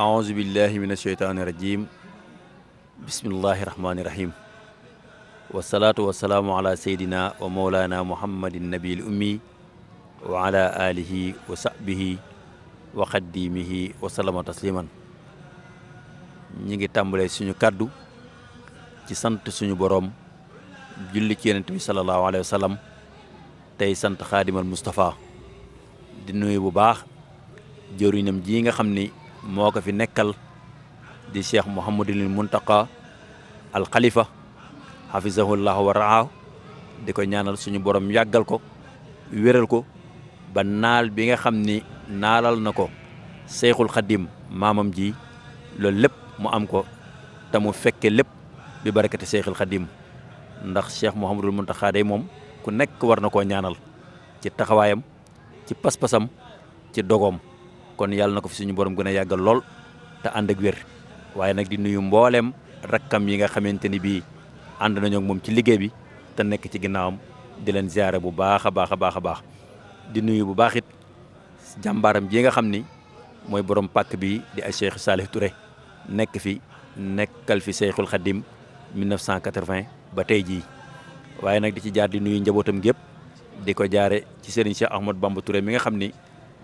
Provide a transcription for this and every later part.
aouzu billahi min asheytaani rajim bismillahi rahmaani rahim wasalaatu wasalaamu ala seydina wa mawlaana muhammadin nabil ummi wa ala alihi wa sahbihi wa xaddimihi wa salama tasliman ñi ngi tàmbalee suñu kàddu ci sant suñu boroom julli ci yonent bi salallaahu alayhi wa tey sant xaadimal Moustapha di nuyu bu baax jëriñam ji nga xam ni moo ko fi nekkal di cheikh Mouhamadul Muntaqa al Khalifa hafizahullahu wa raahu di ko ñaanal suñu borom yàggal ko wéral ko ba naal bi nga xam ni naalal na ko Seyxul Xadim maamam ji loolu lépp mu am ko te mu fekke lépp bi barakati Seexul Xadim ndax Cheikh Mouhamadul Mountakha day moom ku nekk war na koo ñaanal ci taxawaayam ci pas-pasam ci dogoom kon yàlla na ko fi suñu borom gën a yàggal lool te ànd ak wér waaye nag di nuyu mbooleem rakkam yi nga xamante ni bii ànd nañoo moom ci liggéey bi te nekk ci ginnaawam di leen ziare bu baax a baax a baax a baax di nuyu bu baax it jàmbaaram ji nga xam ni mooy borom pàkk bi di ay Cheikh Salih Touré nekk fi nekkal fi Cheikhul Khadim 1980 ba tey jii waaye nag di ci jaar di nuy njabootam gépp di ko jaare ci Serigne Cheikh Ahmad Bamba Touré mi nga xam ni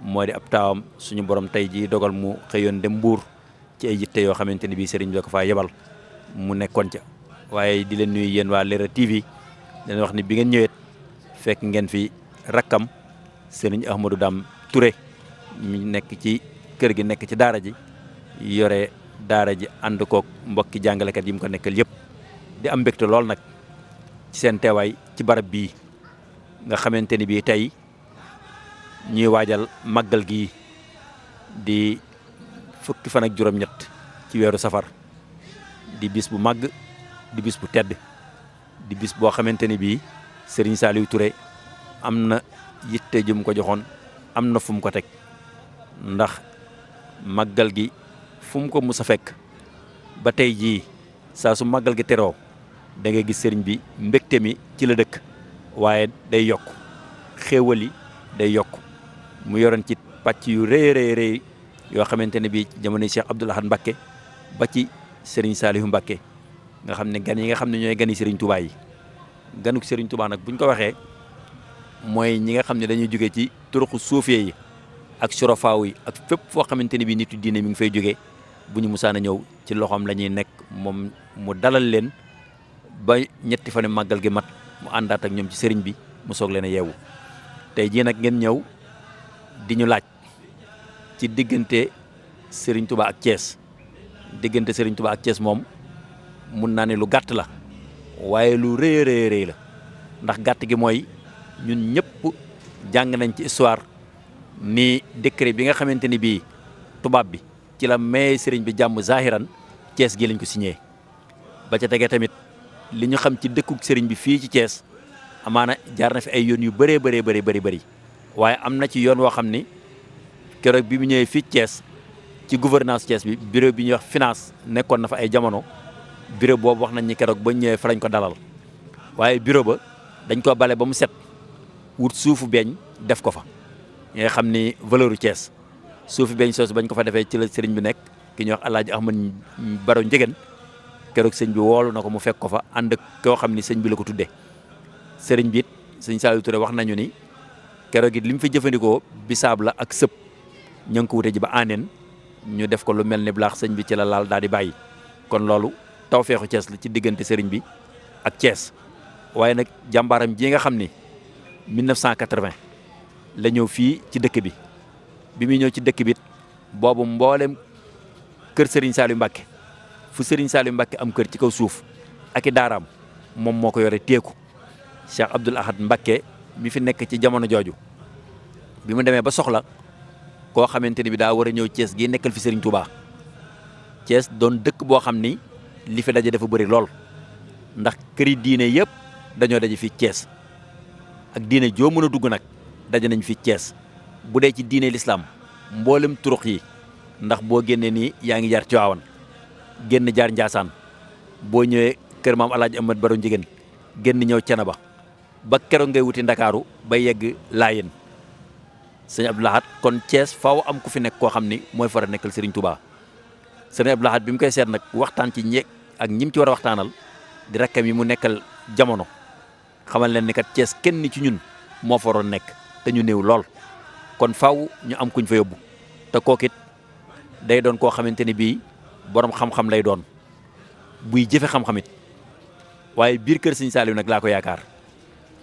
moo di ab taawam suñu borom tey jii dogal mu xëyoon dem Mbuur ci ay yitte yoo xamante ni bii Serigne bi ko faa yebal mu nekkoon ca waaye di leen nuyu yéen waa Leral TV dañu wax ni bi ngeen ñëweet fekk ngeen fi rakkam Serigne Ahmadou Dame Touré mi nekk ci kër gi nekk ci daara ji yore daara ji ànd koog mbokki jàngalekat yi mu ko nekkal yëpp. di am mbégte lool nag ci seen teewaay ci barab bii nga xamante ni bii tey ñuy waajal màggal gi di fukki fan ak juróom-ñett ci weeru safar di bis bu màgg di bis bu tedd di bis boo xamante ni bii Serigne Saliou ture am na yitte jum ko joxoon am na fu mu ko teg ndax màggal gi fu ko mus a fekk ba tey jii saa su màggal gi teroo da ngay gis sëriñ bi mbégte mi ci la dëkk waaye day yokk xéewal day yokk mu yoron ci pàcc yu rëy rëy rëy yoo xamante ne bii jamono Cheikh Abdoul Ahad Mbacké ba ci sëriñ Saalihu Mbacké nga xam ne gan yi nga xam ne ñooy gani sëriñ Touba yi ganuk sëriñ Touba nag buñ ko waxee mooy ñi nga xam ne dañuy jóge ci turuqu suufee yi ak surafaaw yi ak fépp foo xamante ne bii nitu diine mi ngi fay jóge bu ñu musaana ñëw ci loxoom lañuy nekk moom mu dalal leen ba ñetti fanu màggal gi mat mu àndaat ak ñoom ci sëriñ bi mu soog leen a yeewu tey jii nag ngeen ñëw di ñu laaj ci diggante sëriñ Touba ak Thiès diggante sëriñ Touba ak Thiès moom mun naa ne lu gàtt la waaye lu rëy rëy la ndax gàtt gi mooy ñun ñëpp jàng nañ ci histoire ni décret bi nga xamante ni bii tubaab bi ci la may sëriñ bi jàmm zahiran cees gi lañ ko signé ba ca tegee tamit. li ñu xam ci dëkkuk sëriñ bi fii ci cees amaana jaar na fi ay yoon yu bëree bëree bëri bëri bëri waaye am na ci yoon woo xam ni keroog bi mu ñëwee fii cees ci gouvernance cees bi bureau bi ñuy wax finance nekkoon na fa ay jamono bureau boobu wax nañ ni keroog ba ñëwee fa lañ ko dalal waaye bureau ba dañ ko bale ba mu set wut suufu beeñ def ko fa nga xam ni valeur cees Thiès suufu beeñ soosu bañ ko fa defee ci la sëriñ bi nekk ki ñuy wax El Hadj Ahmad Baro Njëgën keroog sëñ bi woolu na ko mu fekk ko fa ànd ak koo xam ni sëñ bi la ko tuddee sëriñ bi it sëñ Saliou wax nañu ni keroog it li mu fi jëfandikoo bisaab la ak sëpp ña ngi ko wute ji ba aneen ñu def ko lu mel ni bulaax sëñ bi ci la laal daal di bàyyi kon loolu taw feexu Cees la ci diggante sëriñ bi ak Cees waaye nag jàmbaaram ji nga xam ni 1980 la ñëw fii ci dëkk bi bi muy ñëw ci dëkk bit boobu mboolem kër sëriñ Saliou Mbacké fu Serigne Saliou Mbacke am kër ci kaw suuf ak i daaraam moom moo ko yore teeku Cheikh Abdoul Ahad Mbacke mi fi nekk ci jamono jooju bi mu demee ba soxla koo xamante ni bi daa war a ñëw cees gi nekkal fi Serigne Touba cees doon dëkk boo xam ni li fi daje dafa bari lool ndax këri diine yëpp dañoo daje fi cees ak diine joo mën a dugg nag daje nañ fi cees bu dee ci diine l'islam mboolem turux yi ndax boo génnee nii yaa ngi jar Tiwaawan génn jaar Njaasaan boo ñëwee kër maam Alaaji Amat Baro Njigéen génn ñëw Cenaba ba keroog ngay wuti Ndakaaru ba yegg Laayeen sëñ Abdou Lahad kon cees faaw am ku fi nekk koo xam ni mooy fara nekkal Serigne Touba sëñ Abdou Lahad bi mu koy seet nag waxtaan ci ñeeg ak ñim ci war a waxtaanal di rakkam yi mu nekkal jamono xamal leen ni kat Thiès kenn ni ci ñun moo fa waroon nekk te ñu néew lool kon faw ñu am kuñ fa yóbbu te kookit day doon koo xamante ni bii borom xam-xam lay doon buy jëfe xam it waaye biir kër sëñ Saliou nag laa ko yaakaar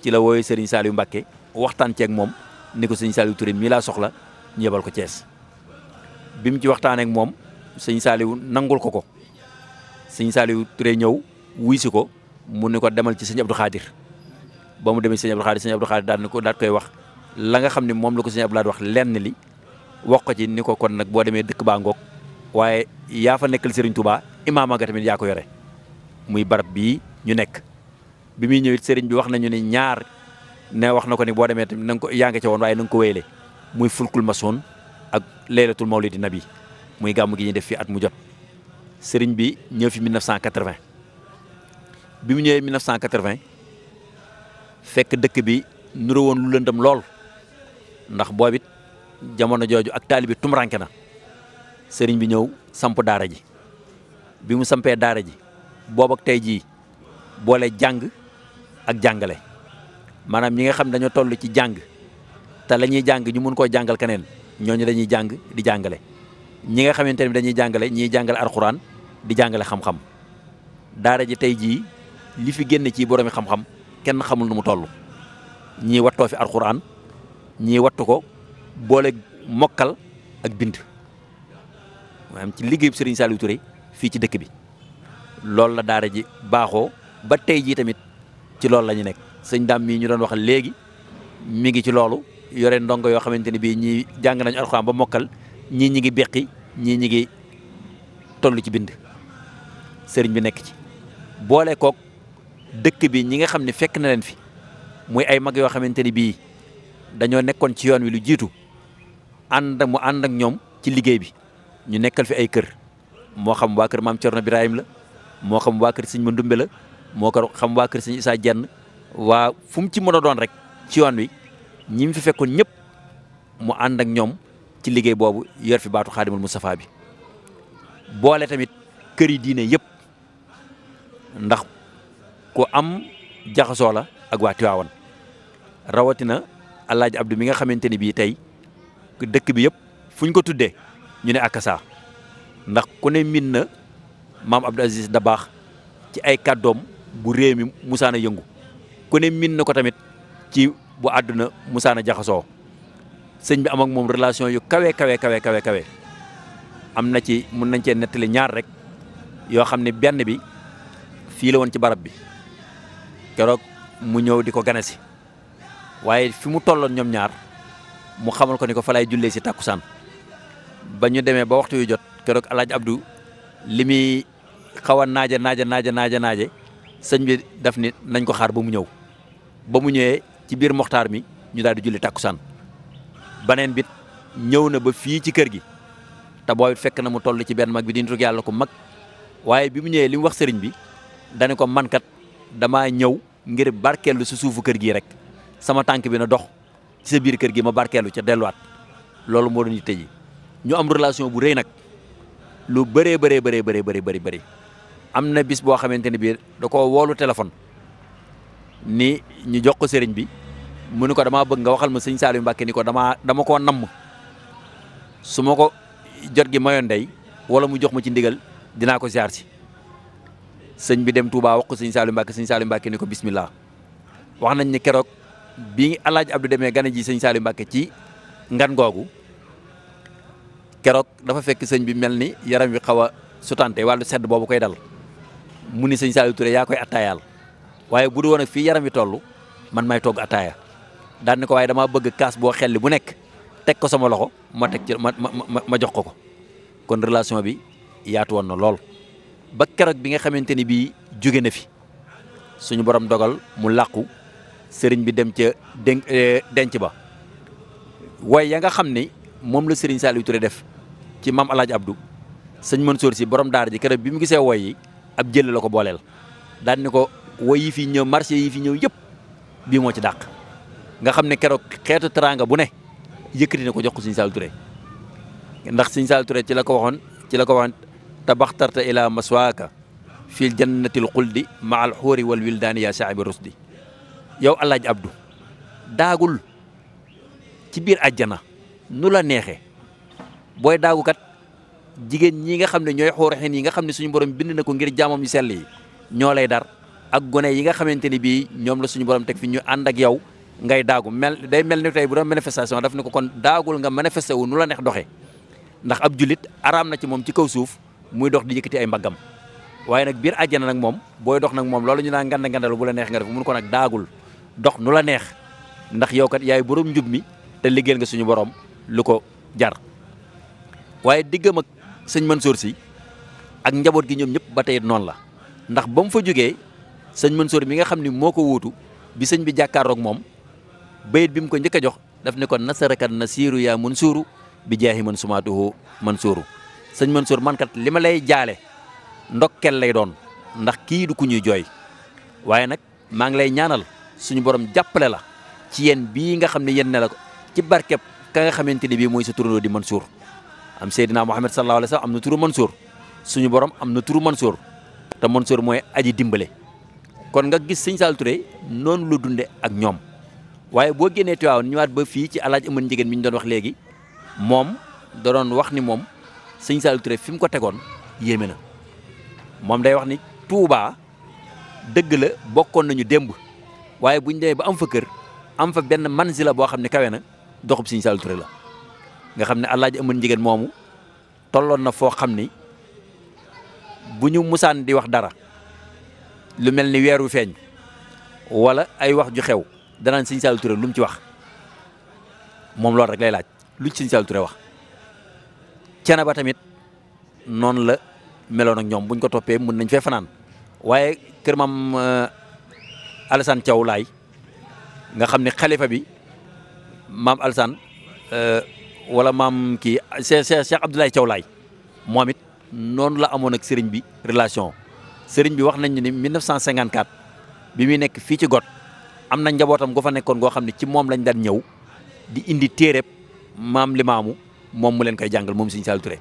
ci la wooyee sëriñ Saliou Mbacke waxtaan ceeg moom ni ko sëñ Saliou ture mii laa soxla ñu yebal ko cees bi mu ci waxtaanee ak moom sëñ Saliou nangul ko ko sëñ Saliou ture ñëw wuy si ko mu ni ko demal ci sëñ Abdou ba mu demee sëñ Abdou Khadir sëñ Abdou daan daal ni ko daal koy wax la nga xam ne moom la ko sëñ Abdou Lahad wax lenn li wax ko ci ni ko kon nag boo demee dëkk baa waaye yaa fa nekkal Serigne Touba imaama ga tamit yaa ko yore muy barab bii ñu nekk bi muy ñëwit Serigne bi wax nañu ne ñaar ne wax na ko ni boo demee tamit na nga ko yaa ngi woon waaye na nga ko wéyle muy fulkul masoon ak laylatul mawlidi nabi muy gàmm gi ñuy def fii at mu jot sëriñ bi ñëw fi 1980 bi mu ñëwee 1980 fekk dëkk bi nuru woon lu lëndam lool ndax boobit jamono jooju ak taalibi tumuranke na sëriñ bi ñëw samp daara ji bi mu sampee daara ji boobu tey jii boole jàng ak jàngale maanaam ñi nga xam dañoo toll ci jàng te la ñuy jàng ñu mun koo jàngal keneen ñooñu dañuy jàng di jàngale ñi nga xamante ne dañuy jàngale ñiy jàngale alxuraan di jàngale xam-xam daara ji tey jii li fi génn ci boroomi xam-xam kenn xamul nu mu toll ñii wattoo fi alxuraan ñii wattu ko boole mokkal ak bind am ci liggéeyub Serigne Saliou Touré fii ci dëkk bi loolu la daara ji baaxoo ba tey jii tamit ci loolu la nekk sëñ daam mii ñu doon wax léegi mi ngi ci loolu yore ndongo yoo xamante ne bii ñii jàng nañu alxuraan ba mokkal ñii ñi ngi beqi ñii ñi ngi toll ci bind sëriñ bi nekk ci boole kook dëkk bi ñi nga xam ne fekk na leen fi muy ay mag yoo xamante ni bii dañoo nekkoon ci yoon wi lu jiitu ànd mu ànd ak ñoom ci liggéey bi ñu nekkal fi ay kër moo xam waa kër maam Cerno Birahim la moo xam waa kër sëñ Mandumbe la moo ko xam waa kër sëñ Isaa Jenn waa fu mu ci mën a doon rek ci yoon wi ñi fi fekkoon ñëpp mu ànd ak ñoom ci liggéey boobu yor fi baatu xaadimul Moustapha bi boole tamit kër yi diine yëpp ndax ko am jaxasoo la ak waa Tiwaawan rawatina Alaaji Abdu mi nga xamante ni bii tey dëkk bi yëpp fu ñu ko tuddee ñu ne akasa ndax ku ne min na maam Abdou Aziz Dabaax ci ay kàddoom bu réew mi musaana yëngu ku ne min na ko tamit ci bu àdduna musaana jaxasoo sëñ bi am moom relation yu kawe kawe kawe kawe kawe am na ci mun nañ cee nettali ñaar rek yoo xam ne benn bi fii la woon ci barab bi keroog mu ñëw di ko ganesi waaye fi mu tolloon ñoom ñaar mu xamal ko ni ko fa lay jullee si tàkku saan ba ñu demee ba waxtu yu jot keroog alaaj Abdou li muy xaw a naaje naaje naaje naaje naaje sëñ bi daf ni nañ ko xaar ba mu ñëw ba mu ñëwee ci biir moxtaar mi ñu daal di julli tàkkusaan baneen bit ñëw na ba fii ci kër gi te booy fekk na mu toll ci benn mag bi di nitu yàlla ko mag waaye bi mu ñëwee li mu wax sëriñ bi dane ko mankat dama ñëw ngir barkeelu si suufu kër gii rek sama tànk bi na dox ci sa biir kër gi ma barkeelu ca delluwaat loolu moo doon yitte ñu am relation bu rey nag lu bëree bëree bëree bëri bëri bëri am na bis boo xamante ne bii da koo woolu téléphone ni ñu jox ko sëriñ bi mu ni ko damaa bëgg nga waxal ma sëñ Saliou Mbacke ni ko damaa dama koo namm su ma ko jot gi mayoon day wala mu jox ma ci ndigal dinaa ko ziar si sëñ bi dem Touba wax ko sëñ Saliou Mbacke sëñ Saliou Mbacke ni ko bismillah wax nañ ne keroog bi Alaaji Abdou demee gane ji sëñ Saliou Mbacke ci ngan googu. keroog dafa fekk sëñ bi mel ni yaram wi xaw a sutante wàllu sedd boobu koy dal mu ni sëñ Saliou Touré yaa koy attaayaal waaye bu du woon ak fii yaram wi toll man may toog attaaya daan ni ko waaye damaa bëgg kaas boo xelli bu nekk teg ko sama loxo ma teg ci ma ma ma jox ko ko kon relation bi yaatu woon na lool ba keroog bi nga xamante ni bii jóge na fi suñu borom dogal mu làqu sëriñ bi dem ca eh, denc ba waaye ya nga xam ni moom la Serigne Saliou ture def ci maam El Hadj Abdou sëñ Mansour si borom daara ji keroog bi mu gisee woy yi ab jël la ko booleel daan ni ko woy yi fi ñëw marché yi fi ñëw yëpp bii moo ci dàq nga xam ne keroog xeetu teraanga bu ne yëkkati na ko jox ko sëñ Saliou ndax sëñ Saliou Touré ci la ko waxoon ci la ko waxoon tabaxtarta ila maswaaka fil jannatil xuldi ma al xuuri wal wildaani yaa saabi rusdi yow El abdu daagul ci biir àjjana nu la neexee booy daagu kat jigéen ñi nga xam ne ñooy xóoraxin yi nga xam ne suñu borom bind na ko ngir jaamam ñu sell yi ñoo lay dar ak gone yi nga xamante ni bii ñoom la suñu borom teg fi ñu ànd ak yow nga daagu mel day mel ni tey bu doon manifestation daf ne ko kon daagul nga manifesté wu nu la neex doxe ndax ab julit araam na ci moom ci kaw suuf muy dox di yëkkati ay mbaggam waaye nag biir àjjana nag moom booy dox nag moom loolu ñu naan nganda ngandal bu la neex nga def mun ko nag daagul dox nu la neex ndax yow kat yaay borom njub mi te liggéeyal nga suñu borom lu ko jar waaye diggam ak sëñ man Mansour si ak njaboot gi ñoom ñëpp ba tey noonu la ndax ba mu fa jógee sëñ Mansour bi nga xam ni moo ko wuutu bi sëñ bi jàkkaaroog moom bayit bi mu ko njëkk a jox daf ne kon nasarakat na siiru yaa Mansuuru bi jeex jaahi man sumaatuhu Mansuuru sëñ Mansour man kat li ma lay jaale ndokkel lay doon ndax kii du ku ñuy jooy waaye nag maa ngi lay ñaanal suñu borom jàppale la ci yéen bii nga xam ne yéen ne la ko ci barkeb ka nga xamante ni bii mooy sa turandoo di Mansour am Seydina Mohamed sallallahu alayhi wa sallam am na turu soor suñu borom am na man soor te Mansour mooy aji dimbale kon nga gis sëñ Saliou Touré noonu la dunde ak ñoom waaye boo génnee Tiwaawan ñëwaat ba fii ci alaaj aman njigéen mi ñu doon wax léegi moom da doon wax ni moom sëñ Saliou Touré fi mu ko tegoon yéeme na moom day wax ni Touba dëgg la bokkoon nañu démb waaye buñ dee ba am fa kër am fa benn manzila boo xam ne kawe na doxub Serigne Saliou Touré la nga xam ne Alaaji Amadou Ndiéguène moomu tolloon na foo xam ni bu ñu musaan di wax dara lu mel ni weeru feeñ wala ay wax ju xew danaan Serigne Saliou Touré lu ci wax moom loolu rek lay laaj lu ci Serigne wax cene ba tamit noonu la meloon ak ñoom buñ ko toppee mën nañ fee fanaan waaye kër maam euh, Alassane Thiaw laay nga xam ne xalifa bi maam Alsaan euh, wala maam kii Cheikh Cheikh Abdoulaye Thiaw Laay moom it noonu la amoon ak sëriñ bi relation sëriñ bi wax nañ ni 1954 bi muy nekk fii ci got am na njabootam gu fa nekkoon goo xam ne ci moom lañ daan ñëw di indi téereb maam limaamu moom mu leen koy jàngal moom Sëriñ Saliou Touré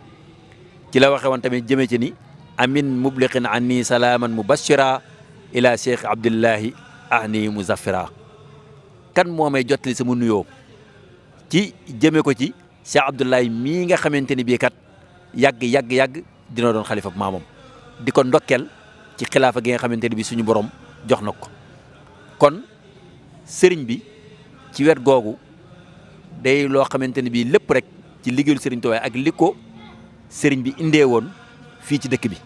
ci la waxe woon tamit jëmee ci ni amin mubliqin anni salaaman mubashira ila cheikh abdillahi ahni muzaffira kan moo may jottali sama nuyoo ci jëme ko ci Cheikh Abdoulaye mii nga xamante ni bii kat yàgg yàgg yàgg dina doon xalifa maamam di ko ndokkel ci xilaafa gi nga xamante ni bii suñu borom jox na ko kon sëriñ bi ci wet googu day loo xamante ni bii lépp rek ci liggéeyu sëriñ Tuubaa ak li ko sëriñ bi indee woon fii ci dëkk bi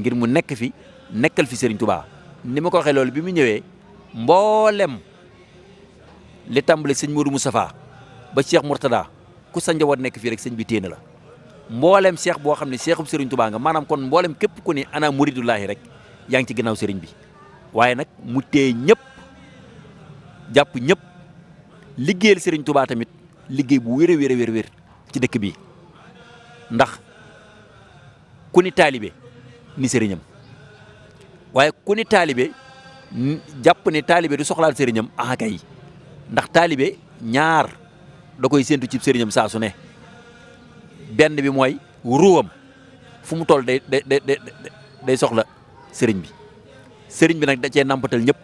ngir mu nekk fi nekkal fi sëriñ Tuubaa ni ma ko waxee loolu bi mu ñëwee mboolem li tàmbale sëñ Mourou Moustapha ba Cheikh Mourtada ku sa njaboot nekk fii rek sëñ bi téena la mboolem seex boo xam ne cheikhum sëriñ Tuubaa nga maanaam kon mboolem képp ku ne ana muridullaahi rek yaa ngi ci ginnaaw seriñ bi waaye nag mu téye ñëpp jàpp ñëpp liggéeyal sëriñ Tuubaa tamit liggéey bu wér a wér a wér ci dëkk bi ndax ku ni taalibe ni sëriñam waaye ku ni taalibe jàpp ni taalibe du soxlaal sëriñam ah kay ndax taalibe ñaar. da koy séentu ci sëriñam saa su ne benn bi mooy ruwam fu mu toll day day soxla sëriñ bi sëriñ bi nag da cee nampatal ñëpp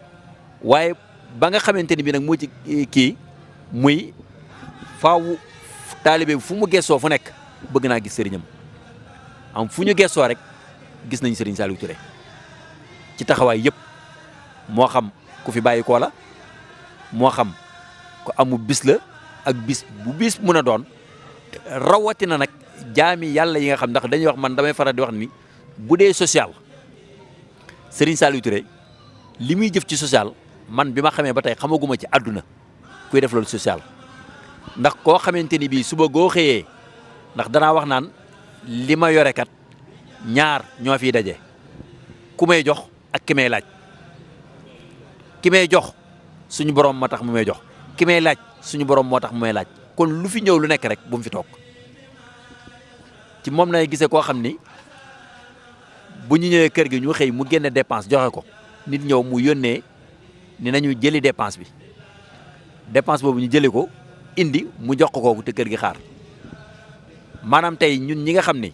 waaye ba nga xamante ni bi nag moo ci eh, kii muy faaw taalibe bi fu mu gessoo fu nekk bëgg naa gis sëriñam am fu ñu gessoo rek gis nañ sëriñ Saliou rek ci taxawaay yëpp moo xam ku fi bàyyi la moo xam ku amu bis la ak bis bu bis mun a doon rawatina nag jaami yàlla yi nga xam ndax dañuy wax man damay faral di wax ni bu dee social Serigne Saliou li muy jëf ci social man bi ma xamee ba tey xamaguma ci àdduna kuy def loolu social ndax koo xamante ni bii suba goo xëyee ndax danaa wax naan li ma yore kat ñaar ñoo fiy daje ku may jox ak ki may laaj ki may jox suñu borom ma tax mu may jox ki may laaj suñu borom moo tax mu may laaj kon lu fi ñëw lu nekk rek bu mu fi toog ci moom nay gisee koo xam ni bu ñu ñëwee kër gi ñu xëy mu génne dépense joxe ko nit ñëw mu yónnee ni nañu jëli dépense bi dépense boobu ñu jëli ko indi mu jox ko kooku kër gi xaar maanaam tey ñun ñi nga xam ni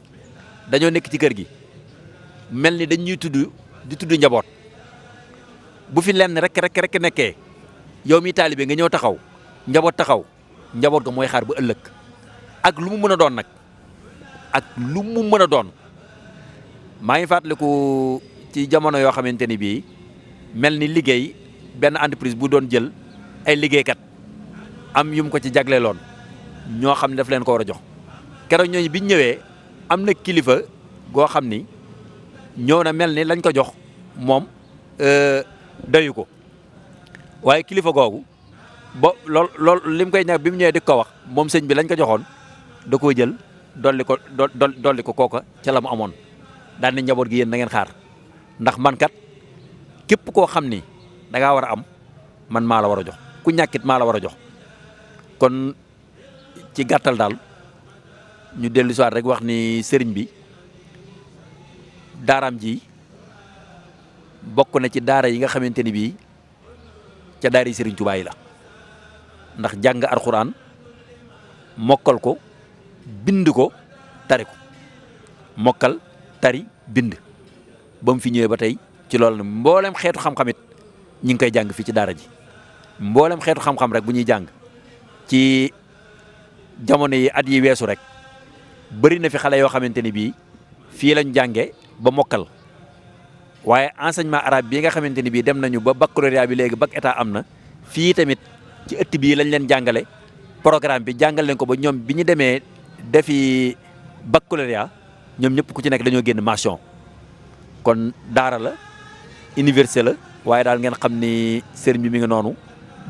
dañoo nekk ci kër gi mel ni dañuy tudd di tudd njaboot bu fi lenn rek rek rek nekkee yow mi taalibe nga ñëw taxaw njaboot taxaw njaboot ko mooy xaar ba ëllëg ak lu mu mën a doon nag ak lu mu mën a doon maa ngi fàttaliku ci jamono yoo xamante ni bii mel ni liggéey benn entreprise bu doon jël ay liggéeykat am yum ko ci jagleeloon ñoo xam ne daf leen ko war a jox keroog ñooñu biñ ñëwee am na kilifa goo xam ni ñëw na mel ni lañ ko jox moom euh, dayu ko. waaye kilifa googu bo lool lim koy ñàkk bi mu ñëwee di ko wax moom sëñ bi lañ ko joxoon da koo jël dolli ko dolli ko kooka ca la mu amoon daan njaboot gi yéen na ngeen xaar ndax man kat képp koo xam ni da war a am man maa la war a jox ku ñàkkit maa la war a jox kon ci gàttal daal ñu dellu siwaat rek wax ni sëriñ bi daaraam ji bokk na ci daara yi nga xamante ni bii ca daari Serigne Touba yi la ndax jàng alxuraan mokkal ko bind ko tari ko mokkal tari bind ba fi ñëwee ba tey ci loolu na mboolem xeetu xam-xam it ngi koy jàng fii ci daara ji mboolem xeetu xam-xam rek bu ñuy jàng ci jamono yi at yi weesu rek bari na fi xale yoo xamante ni bii fii lañ jànge ba mokkal waaye enseignement araab bii nga xamante ni bii dem nañu ba baccalauréat bi léegi bag état am na fii tamit ci ëtt bii lañ leen jàngale programme bi jàngal leen ko ba ñoom bi ñu demee defi baccalauréat ñoom ñëpp ku ci nekk dañoo génn mention kon daara la université la waaye daal ngeen xam ni sëriñ bi mi ngi noonu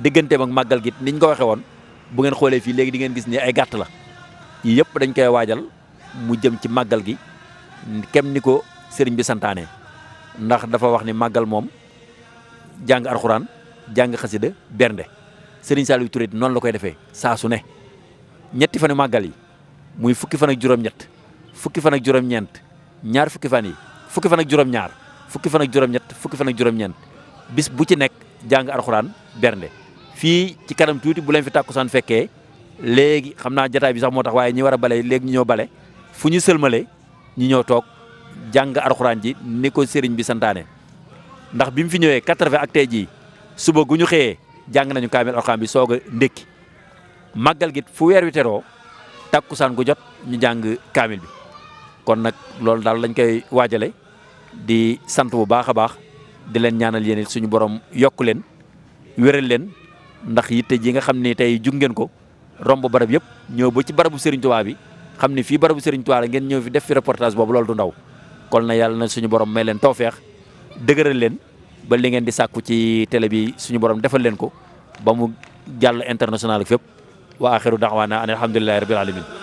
digganteem ak màggal gi niñ ko waxee woon bu ngeen xoolee fii léegi di ngeen gis ni ay gàtt la yii yëpp dañ koy waajal mu jëm ci màggal gi kem ni ko sëriñ bi santaane. ndax dafa wax ni màggal moom jàng arxuraan jàng xasida bernde Serigne Saliou Touré noonu la koy defee saa su ne ñetti fanu màggal yi muy fukki fan ak juróom-ñett fukki fan ak juróom ñaar fukki fan yi fukki fan ak ñaar fukki fan ak juróom fukki fan ak juróom-ñeent bis bu ci nekk jàng arxuraan bernde fii ci kanam tuuti bu leen fi tàkkusaan fekkee léegi xam naa jataay bi sax moo tax waaye ñi war a bale léegi ñu ñëw bale fu ñu sëlmale ñu ñëw toog jàng arxuraan ji ni ko sëriñ bi santaane ndax bi mu fi ñëwee quatre-vingt ak tey jii suba gu ñu xëyee jàng nañu kaamil arxuraan bi soog a ndékki màggal fu weer wi takku saan gu jot ñu jàng kaamil bi kon nag loolu daal lañ koy waajale di sant bu baax a baax di leen ñaanal yéen suñu borom yokk leen wéral leen ndax yitte ji nga xam ni tey jug ngeen ko romb barab yëpp ñëw ba ci barabu Serigne Touba bi xam ne fii barabu Serigne Touba la ngeen ñëw fi def fi reportage boobu loolu du ndaw kon na yàlla na suñu borom may leen fex dëgëral leen ba li ngeen di sàkku ci télé bi suñu borom defal leen ko ba mu jàll international ak fépp wa axiru da'waana an alhamdulillahi rabbil alamin